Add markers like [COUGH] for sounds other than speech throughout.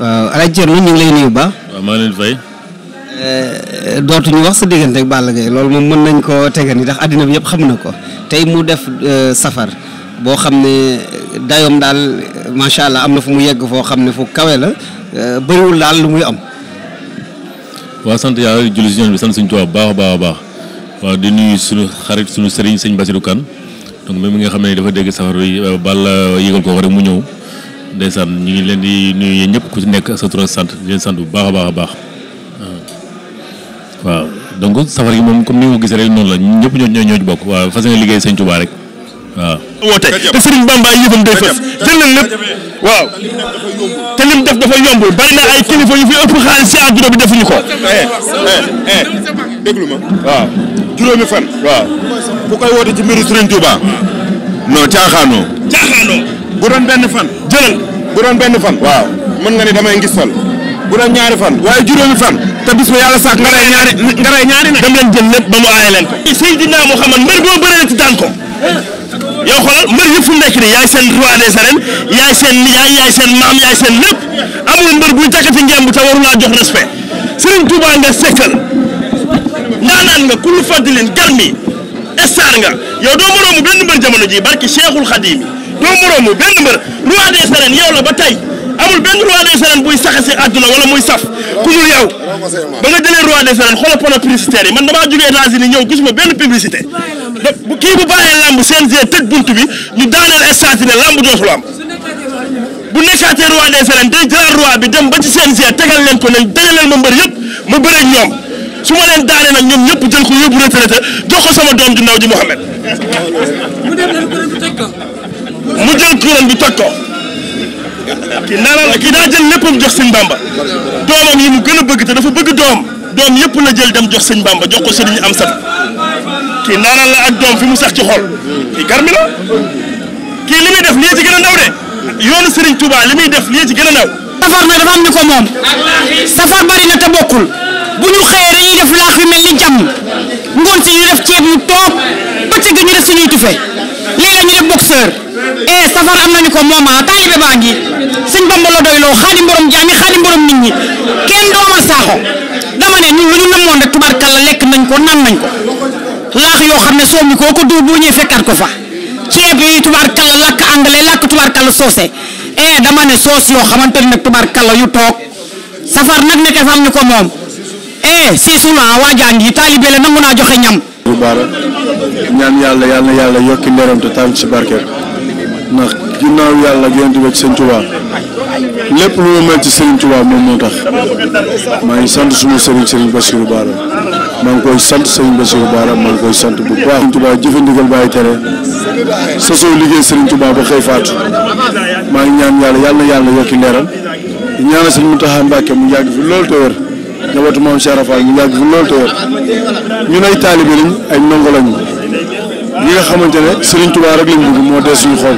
waaw Alaaji Thierno ñu ngi lay baax. maa ngi leen fay. Eh, dootuñu wax sa diggante ak Balla loolu moom mën nañ koo tegal ni ndax àddina bi yëpp xam na ko tey mu def eh, safar boo xam ne dayoom daal macha allah am na fu mu yegg foo xam ne fu kawe la eh, bëriwul daal lu muy am. waaw sant yàlla di julli si ñoom bi sant suñu tubaab baax a baax baax waaw di nuyu suñu xarit suñu sëriñ sëñ Basirou Kane donc même mi nga xam ne dafa dégg safar bi Balla yëgal ko rek mu ñëw. ndeysaan ñu ngi leen di nuyu ñëpp ku ci nekk sa tur sant di bu baax a baax a baax waaw donc safar gi moom comme ni nga ko gisee rek noonu la ñëpp ñoo ñoo ñoo ci bokk waaw fas yéene liggéey sëñ Touba rek waaw. te ay yëfam day fës jël nañ lépp waaw te lim def dafa yombul bari na ay kilifa yu fi ëpp xaalis si eh, eh, eh. waaw juróomi fan. waaw koy woote ci mbiru Serigne Touba. non caaxaanoo. caaxaanoo bu doon fan. jëlal bu doon benn fan. waaw mën nga ni damay ngistal bu doon ñaari fan waaye juróomi fan. te bis ba yàlla sàkk nga rey ñaari nga rey ñaari nag. dem leen jël lépp ba mu aaye leen ko. Seydina Mouhamad mbër boo bëree ci daan ko. yow xoolal mbër yëpp fu mu nekk nii yaay seen roi des arènes yaay seen yaay yaay seen maam yaay seen lépp amul mbër buy takkati ngemb te waru laa jox respect Serigne Touba nga sekkal ndaanaan nga kullu fadilin garmi star nga yow doo moroomu benn mbër jamono ji barki Cheikhul Khadim doo moroomu benn mbër roi amul benn roi des arènes buy saxe si àdduna wala muy saf ku dul yow ba nga jëlee roi des arènes xoolal panneau yi man damaa jógee États-Unis ñëw gisuma benn publicité kii bu bàyyee lamb CNG tëj bunt bi ñu daaneel stade ne lamb dootul am bu nekkaatee roi des day jëlaat roi bi dem ba ci CNG tegal leen ko ne dajaleel ma mbër yëpp ma bëreeg ñoom su ma leen daane nag ñoom ñëpp jël ko yóbbu retraité jox ko sama doom ju ndaw ji Mouhamed mu jël kuréel bi toj ko kii ndaanaan a kii daa jël léppam jox sëñ Bamba doomam yi mu gën a bëgg te dafa bëgg doom doom yëpp la jël dem jox sëñ Bamba jox ko sëriñ am sat kii ndaanaan la ak doom fi mu sax ci xol kii garmi la kii li muy def lii ci a de yoonu sëriñ Touba li muy def lii ci gën a ndaw safar na dafa am ko moom safar bari na te bokkul bu ñu xëyee dañuy def laax yu mel ni jàmm ngoon si ñu def ceeb ñu toog bëccëg ñu def suñuy tufe lii la ñu def boxeur eh safar am nañu ko moom ah taalibe baa ngi sëñ Bamba la doyloo xaadim borom jaami xaadim borom nit ñi kenn doomal saaxo dama ne ñun lu ñu namoon rek tubarkalla lekk nañ ko naan nañ ko laax yoo xam ne soo mi koo ko duur bu ñëwee fekkaat ko fa ceeb yi tubarkalla làkk anglais làkk tubarkalla soose eh dama ne soos yoo xamante ne tubarkalla yu toog safar nag nekk fa am ñu ko moom eh siisu naa waa jaangi taalibe la nangu naa joxe ñam. bu ñaan yàlla yàlla yàlla yokki nderam te taal ci barke ndax ginnaaw yàlla gën di wëcc sëñ Tuubaa lépp lu ma mel ci Serigne Touba moom moo tax maa ngi sant suma Serigne Serigne Bassirou Bara maa ngi koy sant Serigne Bassirou Bara maa ngi sant bu baax. Serigne Touba jëfandigal bàyyi sa soo liggéey Serigne Touba ba xëy maa ngi ñaan yàlla yàlla na yàlla yokki leeram di ñaanal Serigne Mountakha Mbacké mu yàgg fi loolu te wér njabootu moom Cheikh Rafal mu yàgg fi loolu te wér ñun ay taalibe lañ ay ndongo lañ ñi nga xamante ne Serigne Touba rek lañ bëgg moo dee suñu xol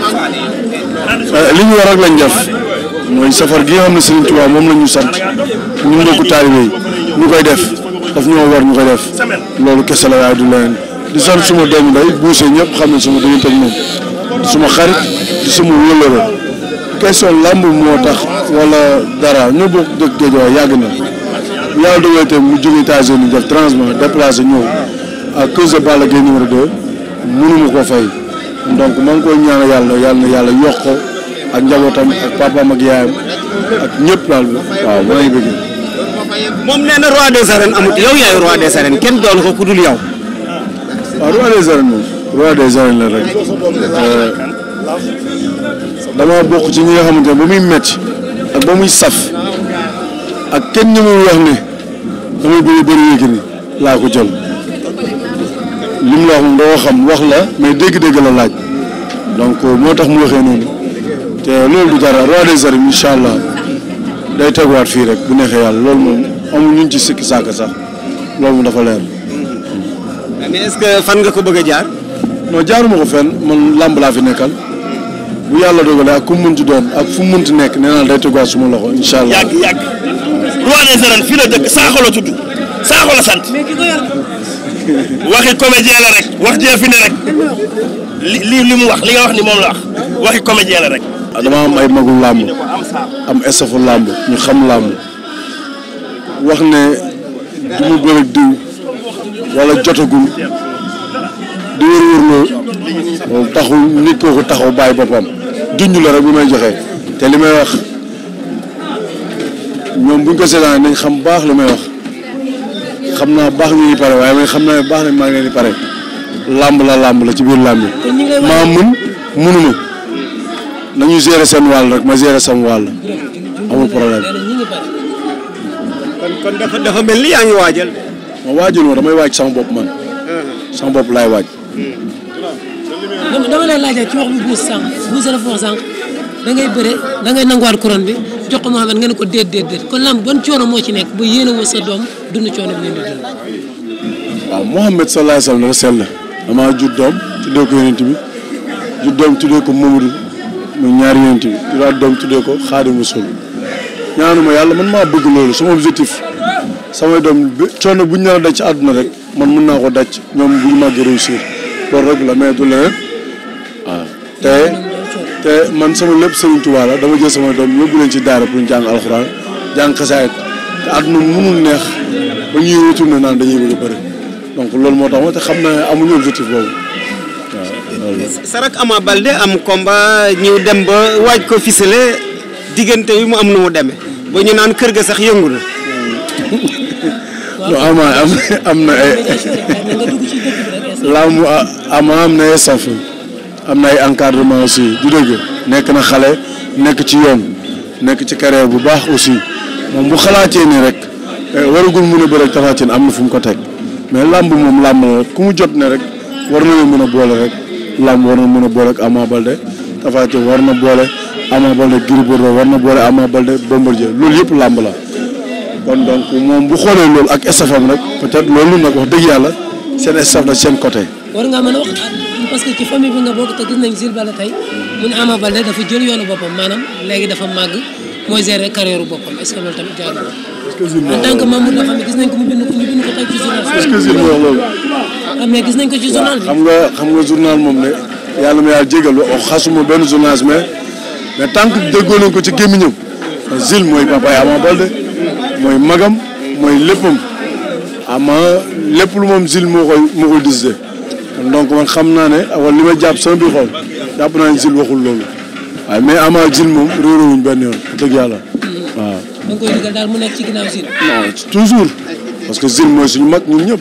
euh, li rek lañ def. mooy safar gi nga xam ne Serigne Touba moom la ñu sant ñu mbokku taalibe yi ñu koy def daf ñoo war ñu koy def loolu kese la waaye du leneen di sant suma doomu ndey buuse ñëpp xam ne suma diggante ak moom suma xarit di suma wëllëre question làmb moo tax wala dara ñoo bokk dëkk yàgg na yàlla dogalee te mu jóge États-Unis def transement déplacé ñëw à cause de Balla Gaye numéro 2 mënuma ko fay donc maa koy ñaanal yàlla yàlla na yàlla yokk ak njabootam ak papaam ak yaayam ak ñëpp daal waaw moom nee roi des arènes amut yow yaay roi des arènes kenn doon ko ku dul yow. waaw ah, roi des arènes moom la rek euh, dama bokk ci ñi nga xamante ne ba muy metti ak ba muy saf ak kenn ñu muy wax ne damay bëri bëri laa ko jël li mu la wax moom doo xam wax la mais dégg-dégg la laaj donc euh, moo tax mu waxee noonu. te loolu du dara roi des arènes allah day teguwaat fii rek bu neexee yàlla loolu moom amul ñu ci sikki saaka sax loolu moom dafa leer. mais fan nga ko bëgg a jaar. non jaaruma ko fenn man làmb laa fi nekkal bu yàlla dogalee ak ku mu munti doon ak fu mu munti nekk nee day teguwaat suma loxo incha allah. yàgg yàgg roi des arènes fii sant. waxi comédien wax fi ne rek li li mu wax li nga wax ni moom la wax waxi comédien la rek. dama am ay magul làmb am estafu làmb ñu xam làmb wax ne du mu bëre diw wala jotagul di wër-wër loo taxul nit kooku taxaw bàyyi boppam junj la rek bu may joxe te li may wax ñoom buñ ko seetaanee nañ xam baax li may wax xam naa baax ñu ngi pare xam naa baax na maa ngi leen di pare làmb la làmb la ci biir làmb yi maa nañu gérer seen wàll rek ma a sama wàll amul problème. kon dafa mel ni yaa ngi waajal. ma waajal ma damay waaj sama bopp man. Uh-huh. sama bopp laay waaj. dama dama lay laajal ci wax bu buus sànq buus la foo sànq da ngay bëre da ngay nanguwaat couronne bi jox ko Mouhamed nga ne ko déet déet déet kon lamb ban coono moo ci nekk ba yéene woo sa doom dund coono bi ngeen di dund. waaw Mouhamed sallallahu alayhi wa sallam dafa sell damaa jur doom tuddee ko yonent bi jur doom tuddee ko Mamadou. muy ñaari yonent yi di laa doom tuddee ko Xaadimu ñaanu ñaanuma yàlla man maa bëgg loolu sama objectif samay doom bi coono bu ñu nar a daj rek man mën naa ko daj ñoom bu ñu màggee réussir loolu rek la mais du ah. te te man sama lépp Serigne Touba la dama jël samay doom yóbbu leen ci daara pour ñu jàng alxuraan jàng xasaayit te àdduna mënul neex ba ñuy retourné naan dañuy bëgg a bëri donc loolu moo tax ma te xam naa amuñu objectif boobu sarak Ama Baldé am combat ñu dem ba waaj ko ficelé diggante bi mu am nu mu demee ba ñu naan kër ga sax yëngu na. [LAUGHS] non Ama am am na ay. laamu Ama am na ay am ay encadrement aussi du dëgg nekk na xale nekk ci yoon nekk ci carrière bu baax aussi moom bu xalaatee nii rek eh, waragul mun a bëre Tapha am na fu mu ko teg mais làmb moom làmb la ku mu jot ne rek war na mën a boole rek. lamb war na mën a boole ak Ama Baldé Tapha Tine war na boole la kon donc moom bu xoolee loolu ak estafam rek peut-être loolu nag wax dëgg yàlla seen estaf la seen côté. war nga mën a wax parce que ci famille dafa jël yoonu boppam maanaam léegi dafa màgg mooy gérer carrière boppam est-ce que loolu tamit jaarul. loolu. xam nga xam nga journal moom ne yàlla ma yàlla jégal oh, xasuma benn journaliste mais mais tant que déggoo nañ ko ci gémmiñam Zil mooy papa Ama Baldé mooy magam mooy léppam ama lépp lu moom Zil moo koy moo donc man xam naa ne wala li ma jàpp sama biir xool jàpp naa ne waxul loolu waaye mais ama Zil moom réeróowuñ benn yoon dëgg yàlla waaw. da parce que Zil mooy suñu mag ñun ñëpp.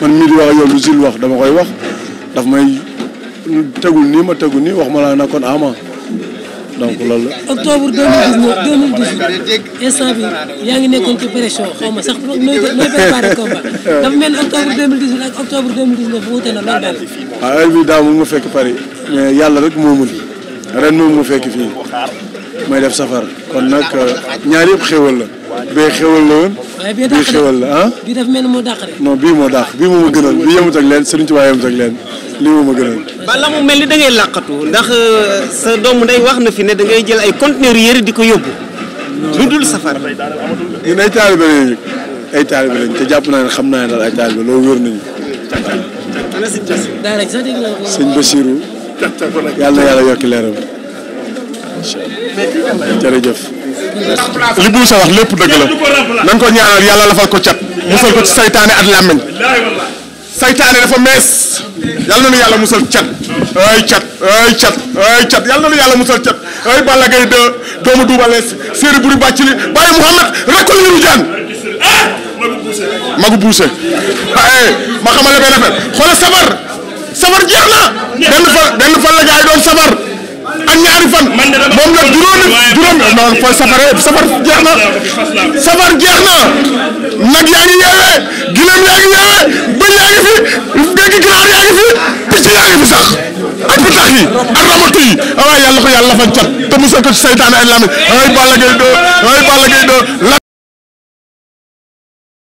man mii di wax yow lu Jules wax dama koy wax daf may tegul nii ma tegul nii wax ma laa na kon ama donc loolu la. octobre deux mille dix neuf deux bi yaa ngi nekkoon ci pression xaw ma sax nooy nooy préparé combat ah, bii daaw mu ma fekk Paris mais yàlla rek moo mën ren moom ma fekk fii may def safar kon nag euh, ñaar yëpp xéwal la. bee xewal la woon. bii xewal la ah. bii moo dàq bii moo dàq bii moo ma gënal bii yemut ak leen Serigne Touba yemut ak leen lii moo ma gënal. ba la mel ni da ngay làqatu ndax euh, sa doom ndey wax na fi ne dangay jël ay conteneur yëre di ko yóbbu. lu dul safar. ñun ay taalibe lañ jàpp naa ne xam naa ne daal ay loolu wér nañu. daal sëñ Bachirou. yàlla na yàlla yokk leeram. jërëjëf. li bu sa wax lépp dëgg la nan ko ñaanal yàlla lafal ko cat musal ko ci saytaane at làmmiñ saytaane dafa mees yàlla na nu yàlla musal cat ay cat ay cat yàlla na nu yàlla musal cat ay Balla Gaye de doomu duubalees séeri buri bàcc li bàyyi Mouhamed rekk lu ñu ah, magu buuse ba ah, ee eh, ma xamale benn affaire xoolal sabar sabar jeex na benn fa benn fan la doon sabar ak ñaari fan moom la juróomi juróomi non fooy safare safar jeex na safar jeex na nag yaa ngi yeewee gileem yaa ngi yeewee bëñ yaa ngi fi dégg ginaar yaa ngi fi picc yaa ngi sax ak pitax yi ak ramatu yi waaw yàlla ko fan cat te musal ko ci saytaan ay lamit ay Balla Gaye doo ay